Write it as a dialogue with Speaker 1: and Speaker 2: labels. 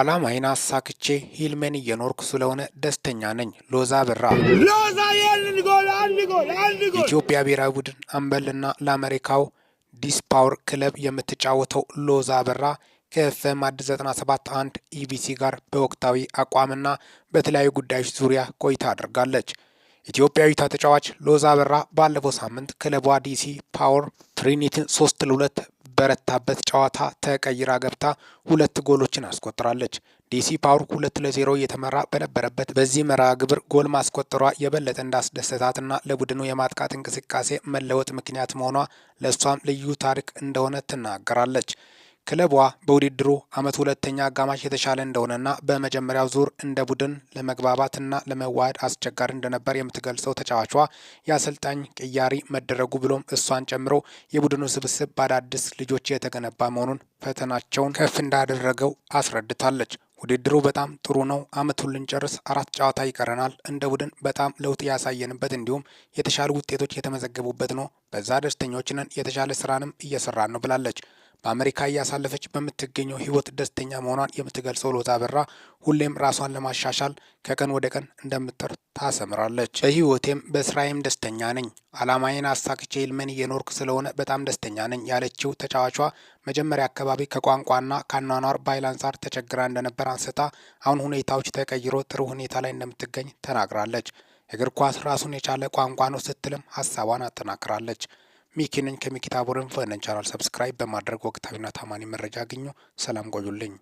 Speaker 1: አላማዬን አሳክቼ ሂልሜን እየኖርኩ ስለሆነ ደስተኛ ነኝ። ሎዛ በራ ኢትዮጵያ ብሔራዊ ቡድን አምበልና ለአሜሪካው ዲስ ፓወር ክለብ የምትጫወተው ሎዛ በራ ከኤፍኤም አዲስ 97 አንድ ኢቢሲ ጋር በወቅታዊ አቋምና በተለያዩ ጉዳዮች ዙሪያ ቆይታ አድርጋለች። ኢትዮጵያዊቷ ተጫዋች ሎዛ በራ ባለፈው ሳምንት ክለቧ ዲሲ ፓወር ትሪኒቲን ሶስት ለሁለት በረታበት ጨዋታ ተቀይራ ገብታ ሁለት ጎሎችን አስቆጥራለች። ዲሲ ፓወር ሁለት ለዜሮ እየተመራ በነበረበት በዚህ መርሃ ግብር ጎል ማስቆጠሯ የበለጠ እንዳስደሰታትና ለቡድኑ የማጥቃት እንቅስቃሴ መለወጥ ምክንያት መሆኗ ለእሷም ልዩ ታሪክ እንደሆነ ትናገራለች። ክለቧ በውድድሩ አመት ሁለተኛ አጋማሽ የተሻለ እንደሆነና በመጀመሪያው ዙር እንደ ቡድን ለመግባባትና ለመዋሃድ አስቸጋሪ እንደነበር የምትገልጸው ተጫዋቿ የአሰልጣኝ ቅያሪ መደረጉ ብሎም እሷን ጨምሮ የቡድኑ ስብስብ በአዳዲስ ልጆች የተገነባ መሆኑን ፈተናቸውን ከፍ እንዳደረገው አስረድታለች። ውድድሩ በጣም ጥሩ ነው። አመቱን ልንጨርስ አራት ጨዋታ ይቀረናል። እንደ ቡድን በጣም ለውጥ ያሳየንበት እንዲሁም የተሻሉ ውጤቶች የተመዘገቡበት ነው። በዛ ደስተኞች ነን። የተሻለ ስራንም እየሰራን ነው ብላለች። በአሜሪካ እያሳለፈች በምትገኘው ህይወት ደስተኛ መሆኗን የምትገልጸው ሎዛ በራ ሁሌም ራሷን ለማሻሻል ከቀን ወደ ቀን እንደምትጥር ታሰምራለች። በህይወቴም በስራዬም ደስተኛ ነኝ፣ አላማዬን አሳክቼ ህልሜን እየኖርኩ ስለሆነ በጣም ደስተኛ ነኝ ያለችው ተጫዋቿ መጀመሪያ አካባቢ ከቋንቋና ከአኗኗር ባህል አንጻር ተቸግራ እንደነበር አንስታ አሁን ሁኔታዎች ተቀይሮ ጥሩ ሁኔታ ላይ እንደምትገኝ ተናግራለች። እግር ኳስ ራሱን የቻለ ቋንቋ ነው ስትልም ሀሳቧን አጠናክራለች። ሚኪንን ከሚኪታቦርን ፈነን ቻናል ሰብስክራይብ በማድረግ ወቅታዊና ታማኒ መረጃ አግኙ። ሰላም ቆዩልኝ።